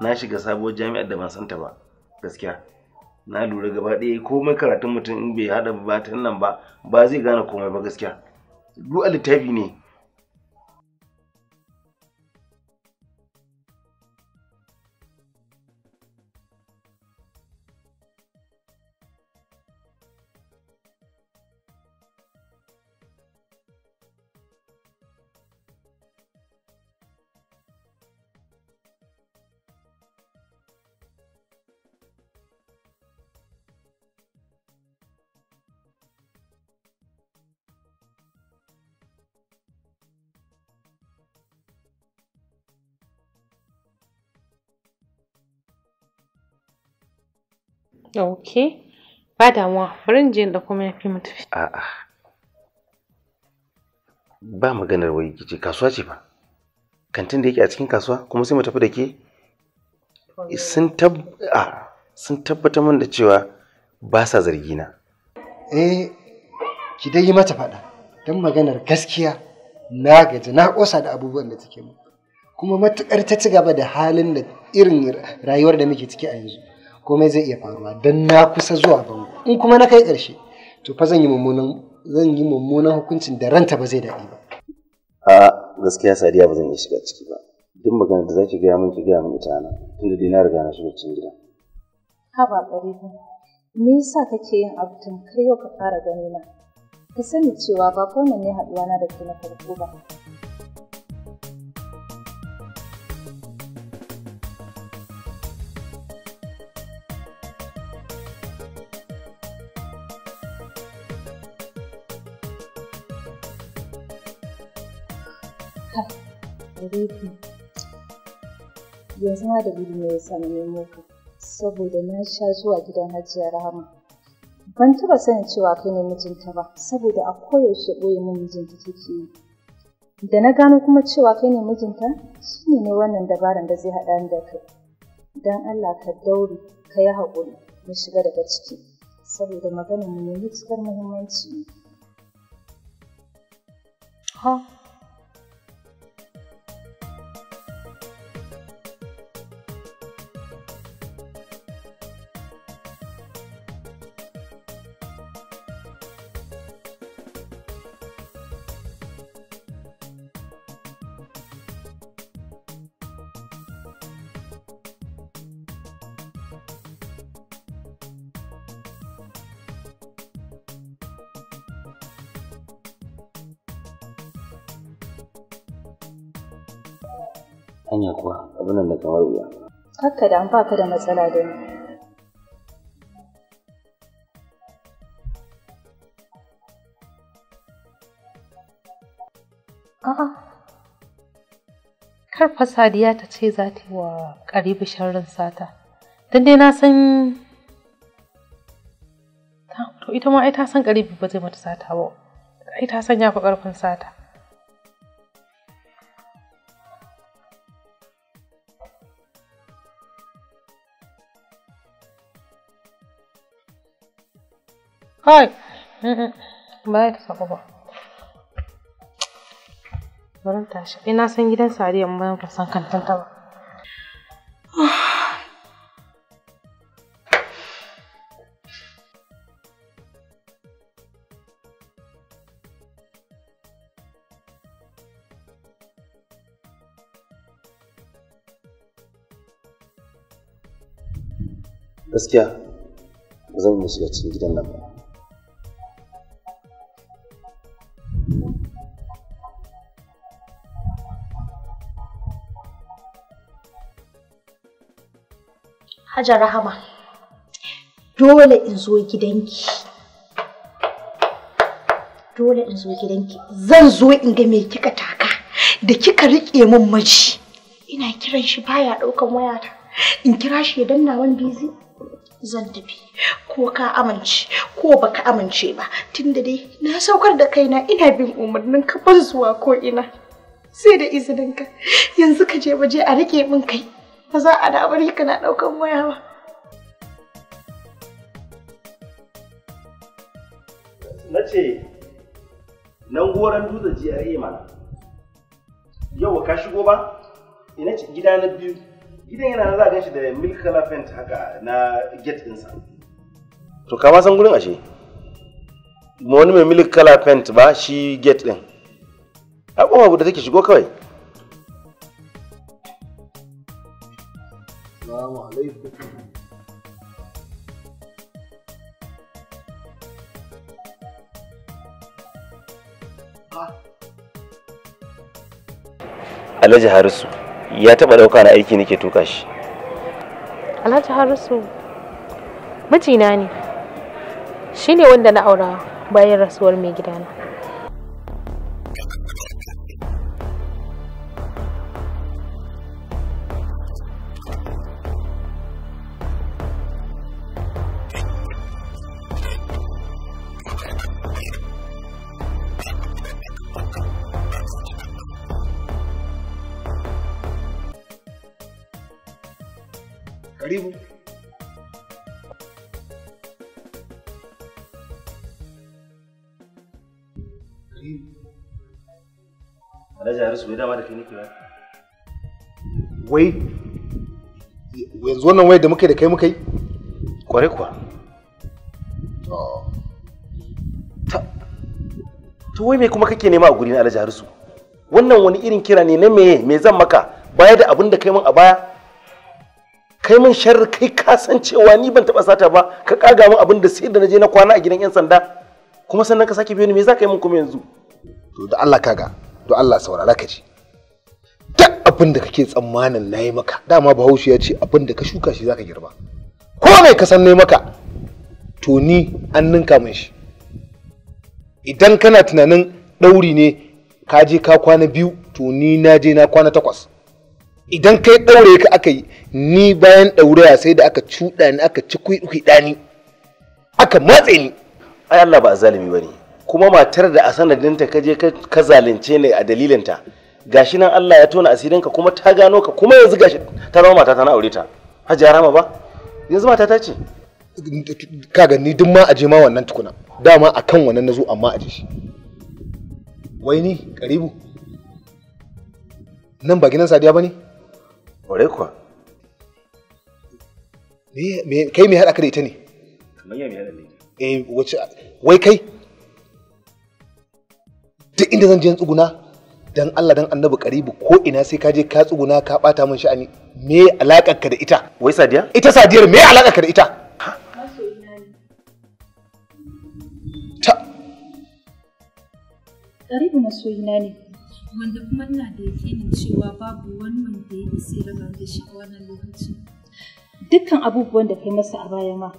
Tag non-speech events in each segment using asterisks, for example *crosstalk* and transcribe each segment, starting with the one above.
na shiga sabuwar jami'ar da ban san ta ba gaskiya na lura gaba ɗaya komai karatun mutum in bai haɗa ba nan ba ba zai gane komai ba gaskiya duk littafi ne ok ba damuwa bari in je in ɗauko mayafi mu tafi a'a ba maganar wai kici kasuwa ce ba kantin da yake a cikin kasuwa kuma sai mu tafi da ke sun tabbata sun tabbatar min da cewa ba sa zargi na eh ki dai yi mata faɗa don maganar gaskiya na gaji na ƙosa da abubuwan da take mu kuma matukar ta ci gaba da halin da irin rayuwar da muke ciki a yanzu komai zai iya faruwa don na kusa zuwa bango in kuma na kai ƙarshe to fa zan yi mummunan zan yi mummunan hukuncin da ranta ba zai daɗi ba a gaskiya sadiya ba zan iya shiga ciki ba duk magana da zaki gaya min ki gaya min ita na tunda dai na riga na shiga cikin gida ha ba ba me yasa kake yin abu tun kar yau ka fara ganina ka sani cewa ba kowanne haɗuwa na da ke na farko ba gefe yanzu na da ne ya sa nemo saboda na sha zuwa gidan hajiya rahama ban taba sanin cewa kai ne mijinta ba saboda a koyaushe ɓoye min mijinta take yi da na gano kuma cewa kai ne mijinta shi ne wannan dabaran da zai haɗa ni da kai don allah ka daure ka yi haƙuri na shiga daga ciki saboda maganar mu ne mutukar muhimmanci ne ha nan da kamar wuya. Hakka da ba ka da matsala da ni. A'a. Kar fa Sadiya ta ce za ta yi wa ƙaribu sharrin sata. Don dai na san to ita ma ai ta san ƙaribu ba zai mata sata ba. Ai ta san ya fi ƙarfin sata. Hai! Ba ta sako ba. Bari Ina san gidan Sariya mun ban san kantin ta ba. gaskiya zan yi shiga cikin gidan nan ba Hajjar Rahama, dole in zo gidanki. Dole in zo gidanki. Zan zo in ga me kika taka da kika riƙe min maji. Ina kiran shi baya ɗaukan wayata. In kira shi ya danna min bizi. Zan tafi. Ko ka amince ko baka amince ba. Tunda dai na saukar da kaina ina bin umarnin ka zuwa ko ina. Sai da izininka. Yanzu ka je waje a riƙe min kai. ba za a da kana ɗaukan waya ba. Na ce, nan goron dutse GRA mana, yau ka shigo ba? Ina ce gida na biyu, gidan yana za a gan shi da milk elephant haka na gate ɗinsa. To kama san gurin ashe? Ma wani mai milk color paint ba shi gate ɗin. A guda da take shigo kawai. السلام عليكم Alhaji Harisu ya taɓa ɗauka na aiki nake tuka shi. Alhaji Harisu mijina ne shi ne wanda na aura bayan rasuwar mai gidana. wai yanzu wannan wayar da muka da kai muka yi kware kuwa ta wai mai kuma kake nema a guri na alhaji wannan wani irin kira ne na meye me zan maka baya da abin da kai min a baya kai min sharri kai ka san cewa ni ban taba sata ba ka kaga min abin da sai da naje na kwana a gidan yan sanda kuma sannan ka sake biyo ni me za ka yi min kuma yanzu to da Allah kaga to Allah saurara ka ji duk abin da kake tsammanin na maka dama bahaushe ya ce abin da ka shuka shi zaka girba ko mai ka san maka to ni an ninka min shi idan kana tunanin ɗauri ne ka je ka kwana biyu to ni na je na kwana takwas idan kai ɗaure ka aka yi ni bayan ɗauraya sai da aka cuɗa ni aka ci kuɗi ni aka matse ni ai Allah ba zalimi bane kuma matar da a sanadinta ka je ka zalunce ne a dalilinta gashi nan Allah ya tona asirinka kuma ta gano ka kuma yanzu gashi ta zama mata tana na aure ta hajiya rama ba yanzu mata ta ce kaga ni duk ma aje ma wannan tukuna dama akan wannan nazo amma aje shi wai ni karibu nan ba gidan sadiya bane ore kuwa me kai me hada ka da ita ne kamar ya me hada ne eh wace wai kai duk inda zan je tsuguna dan Allah dan annabi karibu ko ina sai ka je ka tsuguna ka bata min sha'ani me alakar ka da ita wai sadiya ita sadiyar me alakar ka da ita Karibu masoyina ne. Wanda kuma ina da yakinin cewa babu wani wanda ya isa raba da shi a wannan lokacin. Dukkan abubuwan da kai masa a baya ma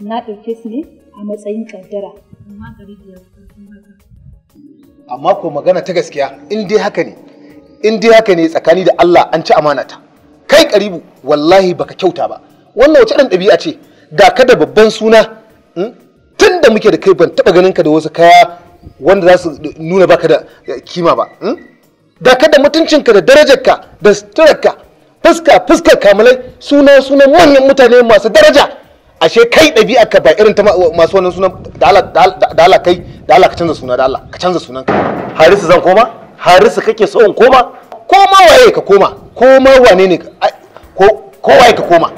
na ɗauke su ne a matsayin ƙaddara. Amma Karibu ya fi haka. amma ko magana ta gaskiya in dai haka ne in dai haka ne tsakani da Allah an ci amana ta kai karibu wallahi baka kyauta ba wannan wace dan dabi'a ce ga ka da babban suna hmm? tun da muke da kai ban taba ganin ka da wasu kaya wanda za su nuna baka da eh, kima ba Da hmm? ka da mutuncinka da darajarka da suturarka fuska fuskar kamalai suna sunan manyan mutane masu daraja ashe kai ɗabi'a ka ba irin ta masu wannan sunan da Allah kai da Allah ka canza suna da Allah ka canza sunan ka harisu zan koma harisu kake so in koma koma waye ka koma koma wane ne ko waye ka koma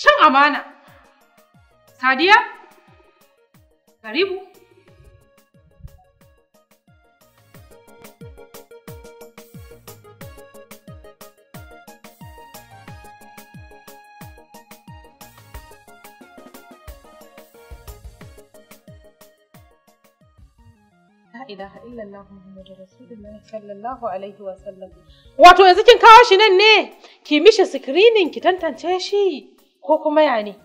Cin amana, Sadiya, Garibu. Wato yanzu kin kawo shi nan ne ki mishi screening ki tantance shi ko kuma ya ne?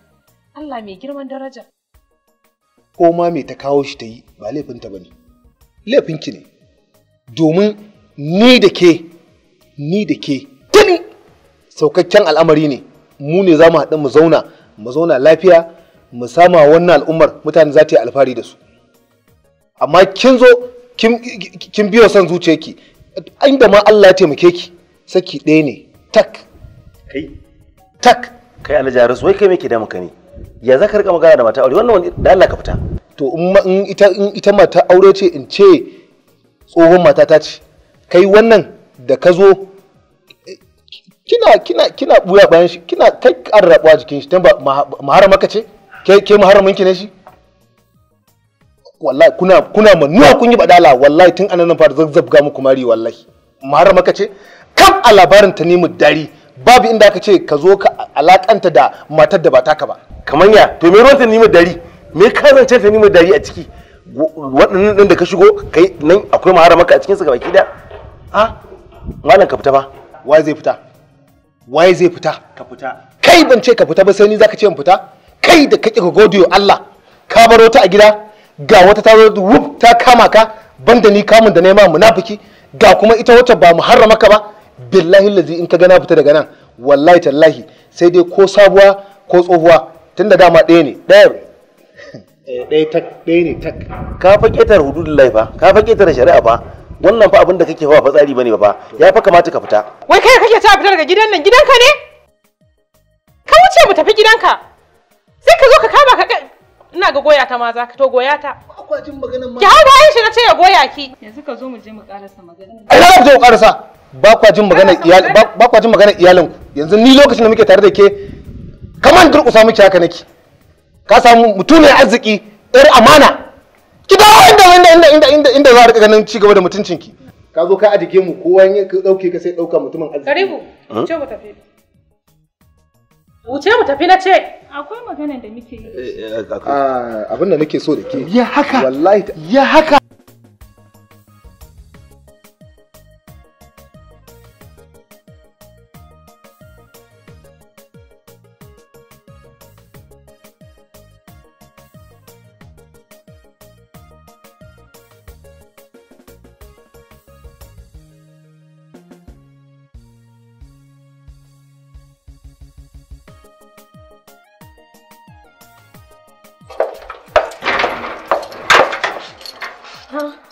Allah mai girman daraja. Ko ma me ta kawo shi ta yi ba laifinta bane ne. ki ne. Domin ni da ke ni da ke tuni saukakken al'amari ne mu ne za mu haɗu mu zauna mu zauna lafiya mu sama wannan al'ummar mutane za ta yi alfahari da su. amma kin zo kin biyo son zuciyarki da ma Allah ya taimake ki saki ɗaya ne tak kai tak kai alhaji harisu wai kai me ke damu ka ne ya za ka rika magana da mata aure wannan da Allah ka fita to in ita in ita mata aure ce in ce tsohon mata ta ce kai wannan da ka zo kina kina kina buya bayan shi kina kai karrabuwa jikin shi dan ba maharamaka ce ke ke maharamin ki ne shi wallahi kuna kuna manuwa kun yi badala wallahi tun anan nan fara zazzabga muku mari wallahi mara maka ce kam a labarin ta nemi dari babu inda aka ce ka zo ka alakanta da matar da ba taka ba kamar ya to me ruwan ta nemi dari me ka zance ta nemi dari a ciki waɗannan ɗin da ka shigo kai nan akwai mahara maka a cikin su ga baki da a malam ka fita ba waye zai fita waye zai fita ka fita kai ban ce ka fita ba sai ni zaka ce in fita kai da kake ka godiyo Allah ka baro ta a gida ga wata ta zo ta kama ka banda ni kamun da nema munafiki ga kuma ita wacce ba mu harrama ka ba billahi lazi in ka gana fita daga nan wallahi tallahi sai dai ko sabuwa ko tsohuwa tunda dama ɗaya ne ɗaya *laughs* eh, ɗaya ne tak ka fa ketar hududullahi fa ka fa ketar shari'a fa wannan fa abin da kake fa fatsari bane ba fa ya fa kamata ka fita wai kai kake ta fita daga gidan nan gidanka ne ka wuce mu tafi gidanka sai ka zo ka kama ka kana ga goya ta ma za ka to goya ta. Akwatin maganin ma. Ki hawo bayan shi na ce ya goya ki. Yanzu ka zo mu je mu karasa maganin. Ina mu zo karasa. Ba kwa jin maganar iyalin ba kwa jin maganar iyalin yanzu ni lokacin da muke tare da ke kaman durƙusa miki haka nake. Ka samu mutumin arziki ɗan amana. Ki dawo inda inda inda inda inda za a rika ganin ci gaba da mutuncinki. Ka zo ka ajike mu kowa ya dauke ka sai dauka mutumin arziki. Karibu. Ce mu tafi. Wuce mu tafi na ce. Akwai magana da muke yi. Eh, eh, ah, abin da muke so da ke. Ya haka. Wallahi. Ya haka.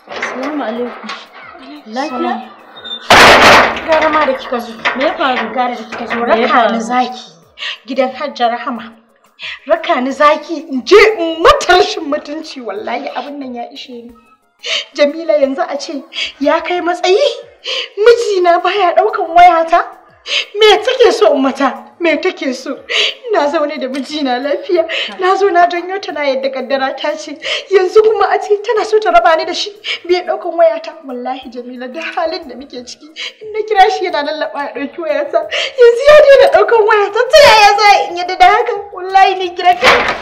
Assalamu Gara ma da kika zo. Me ya faru? Gara da kika zo raka ni zaki. Gidan Hajjar Rahama. Raka ni zaki in je in mutunci wallahi abin nan ya ishe ni. Jamila yanzu a ce ya kai matsayi mijina baya daukan wayata me take so mata me take so ina zaune da mijina lafiya na zo na janyo ta na yadda kaddara ta ce yanzu kuma a ce tana so ta raba ni da shi bai daukan ta wallahi jamila da halin da muke ciki in na kira shi yana lallaba ya dauki wayata yanzu ya daina daukan wayata ta yaya za in yadda da haka wallahi ni kira ka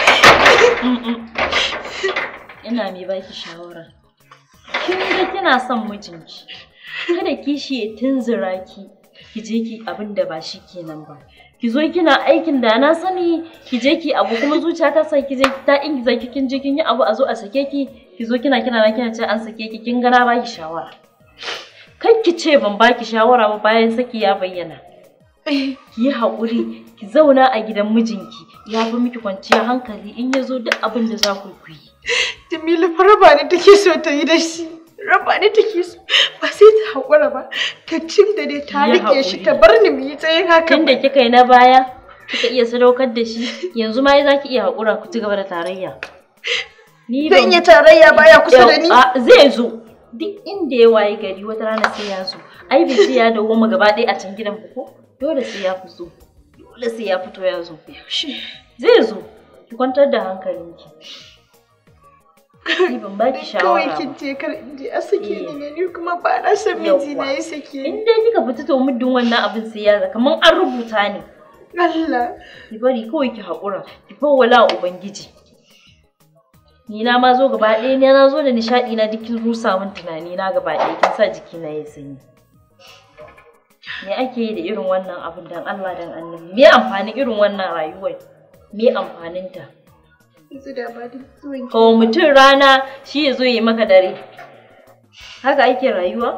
ina mai baki shawara kin ga kina son mijinki kada kishi ya tunzura ki ki je ki abin da ba shi kenan ba ki zo kina aikin da na sani ki je ki abu kuma zuciya ta sa ki je ta ingiza ki kin je kin yi abu a zo a sake ki ki zo kina kina na kina ce an sake ki kin gana ba ki shawara kan ki ce ban ba ki shawara ba bayan saki ya bayyana ki yi haƙuri ki zauna a gidan mijinki ya fi miki kwanciyar hankali in ya zo duk abin da za ku yi. Jamilu farba ne take so ta yi da shi. rabani ni take su ba sai ta haƙura ba ta cin da dai ta riƙe shi ta bar ni mu yi tsayin haka tunda kika yi na baya kika iya sadaukar da shi yanzu ma za ki iya haƙura ku ci gaba da tarayya zan iya tarayya baya kusa da ni zai zo duk inda ya waye gari wata rana sai ya zo ai bai sai ya dawo mu gaba ɗaya a can gidan ku ko dole sai ya fito dole sai ya fito ya zo zai zo ki kwantar da hankalinki ni ban baki shawara kawai kin je kar in a sake eh. ni ne ni kuma ba na san miji na ya sake ni in kika fita to muddin wannan abin sai ya kamar an rubuta ne Allah ki bari kawai ki haƙura ki fawwala ubangiji ni na ma zo gaba ɗaya ne na zo da nishaɗi na duk rusa min tunani na gaba ɗaya kin sa jiki na ya sanyi me ake yi da irin wannan abin dan Allah dan annabi me amfanin irin wannan rayuwar me amfanin ta O mutum rana shi ya zo yi maka dare. Haka ake rayuwa?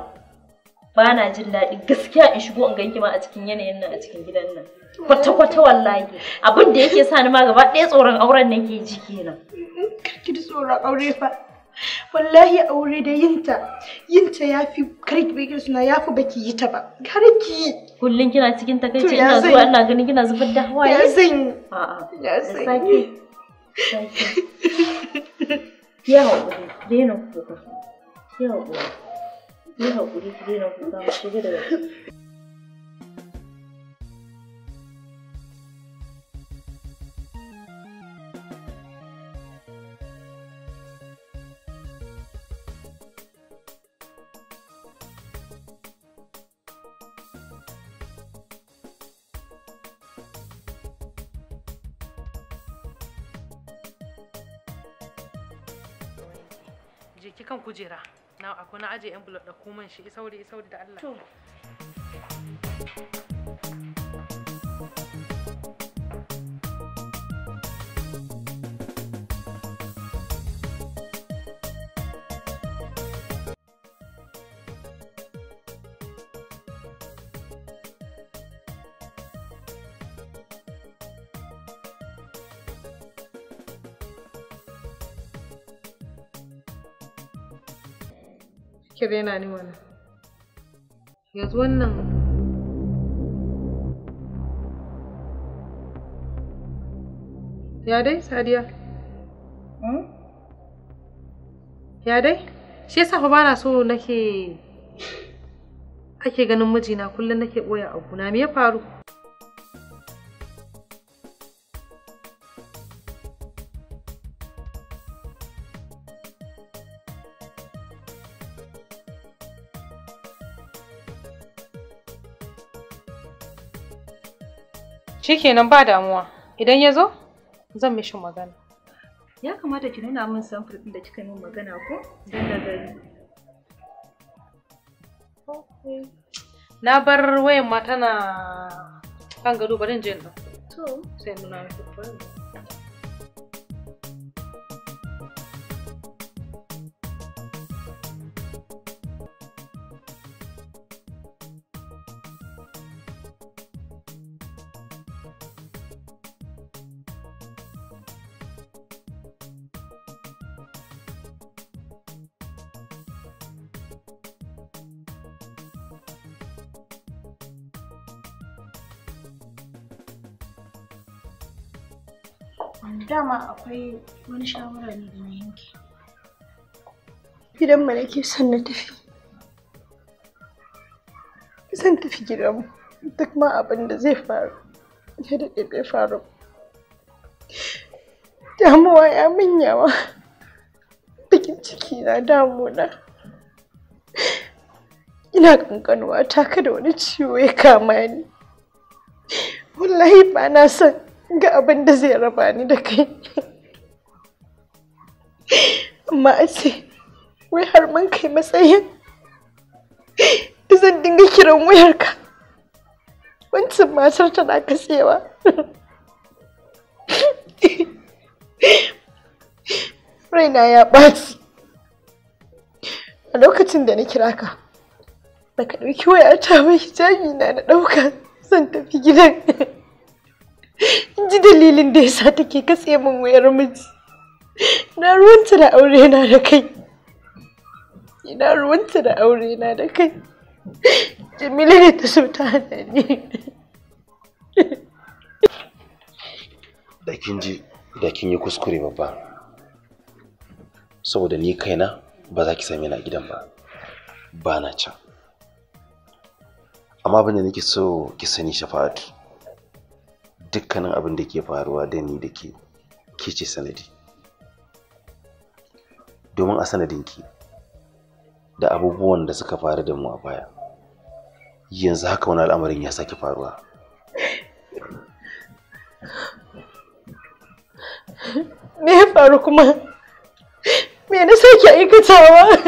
Ba na jin daɗi gaskiya in shigo in ganki ma a cikin yanayin nan a cikin gidan nan. Kwata-kwata wallahi. Abin da yake sa ni ma gaba ɗaya tsoron auren nan ke ji kenan. Karki da tsoron aure fa. Wallahi aure da yinta, yinta ya fi karki bai suna ya fi baki yi ta ba. Karki. Kullum kina cikin takaici ina zuwa ina ganin kina zubar da hawaye. Ya zan yi. A'a. Ya zan yi. 最近。يهرب لينو فوق يهرب يهرب لينو فوق شو كده je ki kan kujera na akwai na aje envelope da kuman shi isauri isauri da Allah to ki rena ni wannan yanzu wannan Ya dai, Sadiya? Hmm? Ya dai? Shi yasa fa bana so nake ake ganin mijina kullum nake boye abu na me ya faru? Shikenan ba damuwa. Idan ya zo, zan mishi magana. Ya kamata ki nuna min samfur ɗin da kika min magana ko? Dan da gari. Na bar wayan ma tana kan gado bari in je in To. Sai nuna dama akwai wani shawara ne da na yanke. son na tafi. Zan tafi gidanmu duk ma abin da zai faru. Ya daɗe bai faru. Damuwa ya min bikin Bakin ciki na damuna. Ina kankanuwa ta kada wani ciwo ya kama ni. Wallahi ba na son ga abin da zai raba ni da kai amma ce, wai har mun kai matsayin da zan dinga kiran wayarka wancan matar tana katsewa raina ya ɓaci a lokacin da na kira ka baka ɗauki wayar ta mai hijabi na na ɗauka zan tafi gidan ji dalilin da yasa take katse min wayar miji na ruwanta da aure na da kai ina ruwanta da aure na da kai jamila ne ta sauta da ni da kin ji da kin yi kuskure babba saboda ni kaina ba za ki same ni a gidan ba ba na can amma abin da nake so ki sani shafa'atu dukkanin abin da ke faruwa da ni da ke ke ce sanadi domin a sanadin ki, da abubuwan da suka faru da mu a baya yanzu haka wani al'amarin ya sake faruwa me ya faru kuma me na sake aikatawa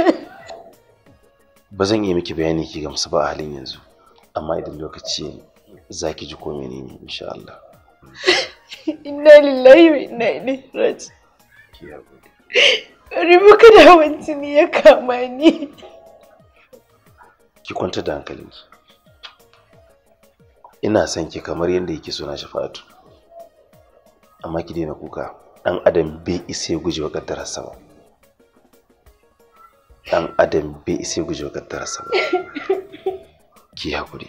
ba zan iya miki bayani ki gamsu ba a halin yanzu amma idan lokaci za ki ji ko menene insha Allah *laughs* inna lillahi wa inna ilaihi raji ribu kada wanci ne ya kama ni ki kwanta da ki, ina son ki kamar yadda yake so na fatu, amma ki daina kuka dan adam bai isa ya gujewa kaddararsa ba dan adam bai isa ya gujewa kaddararsa ba *laughs* ki hakuri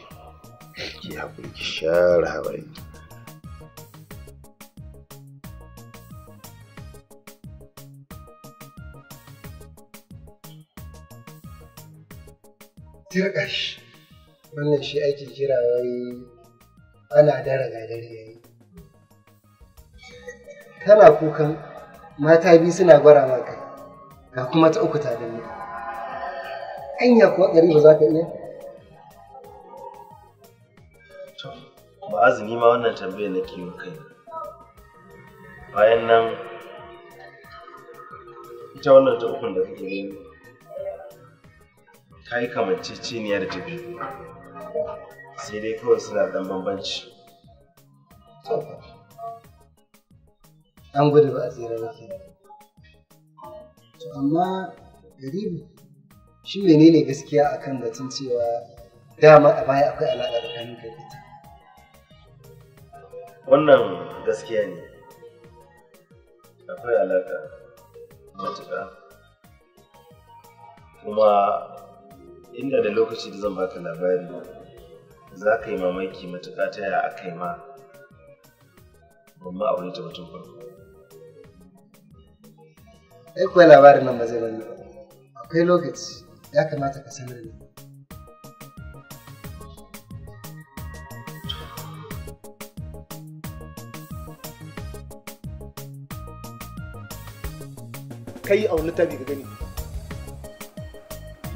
ki hakuri ki share hawaye turka wannan shi ake kira wai ana dara gadar yayi kana kukan mata biyu suna gwara maka ga kuma ta uku ta danne anya kuwa gari ba za ka iya ba azumi ma wannan tambayar na yi kai bayan nan ita wannan ta ukun da kake gani Ka yi kamanceceniya da sai dai kawai suna dan bambanci an gudu ba a tsere ba ke to amma garibu shi menene gaskiya akan batun cewa dama a baya akwai alaƙa tsakanin ka ita wannan gaskiya ne akwai alaƙa matuƙa kuma inda da lokaci da zan baka labari za ka yi mamaki matuƙa ta yaya aka yi ma ban ma aure ta mutum farko ai kuwa labarin nan ba zai bani ba akwai lokaci ya kamata ka sanar da kai a wani tabi ga gani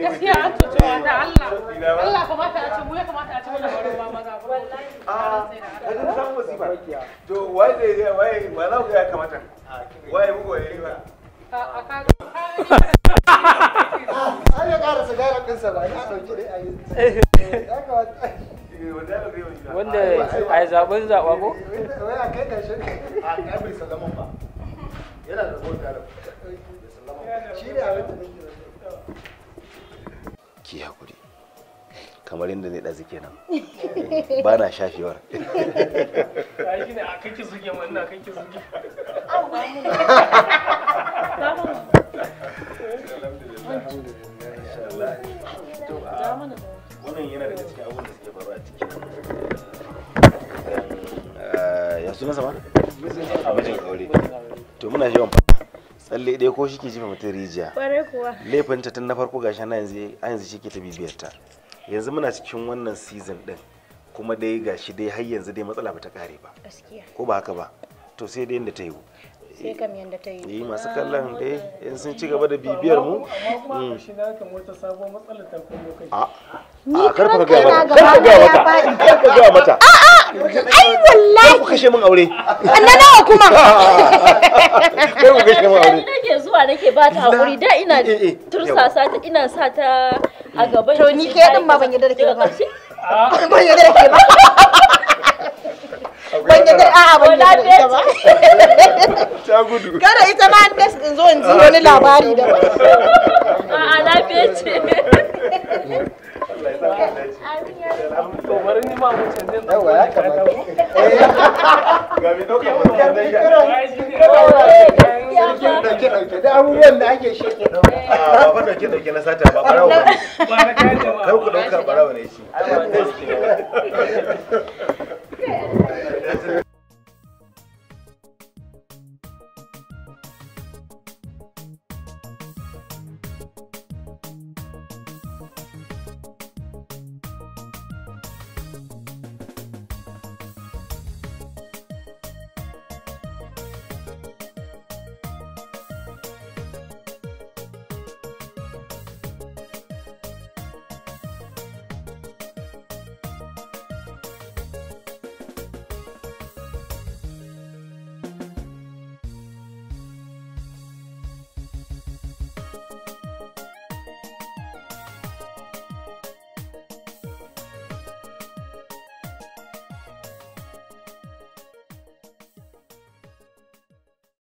gaskiya an cuci Allah Allah kamata a ce mu ya kamata a ce mana baro ba ba a ga to wai zai zai wai ba za ku ya kamata wai mu goye ba a yi ai ƙara ba ya dai wanda a yi zaɓen zaɓa ko? wai a kai ƙarshe a kai bai ba yana da zuwa da shi ne a wata ki hakuri kamar yadda ne ɗazu kenan eh, ba na shafewar eh, ya sama? mijin to muna yawan tsalle dai ko shike jifa mutum rijiya kware kuwa laifinta tun na farko gashi na yanzu a yanzu shike ta bibiyar ta yanzu muna cikin wannan season din kuma dai gashi dai har yanzu dai matsala bata kare ba ko ba haka ba to sai dai yanda ta yi sai kam eh, masu kallon dai sun da bibiyar mu amma shi na kan wata sabuwar matsalar ta kai a ga mata mata kashe min aure na nawa kuma *laughs* kai ku kashe min aure nake zuwa nake ba ta hakuri da ina eh, eh, eh, tursa sa ta ina sa ta a gaban to ni kai din ma ban yarda da ke ba *laughs* *laughs* ban yarda da ke ba ban yarda a a ban yadda ita ba ta gudu kada ita ma an des in zo in ji wani labari da A lafiya ce Allah ya sa mu dace. Amin ya rabbi. To bari ni ma mu canje da yawa ya kamata. Eh. Ga mi dauka mu da dai. Dauke dauke da abubuwan da ake shi ke dauka. Ah, ba ba dauke dauke na sata ba barawo. Ba na kai jama'a. Kar ku dauka barawo ne shi. *laughs*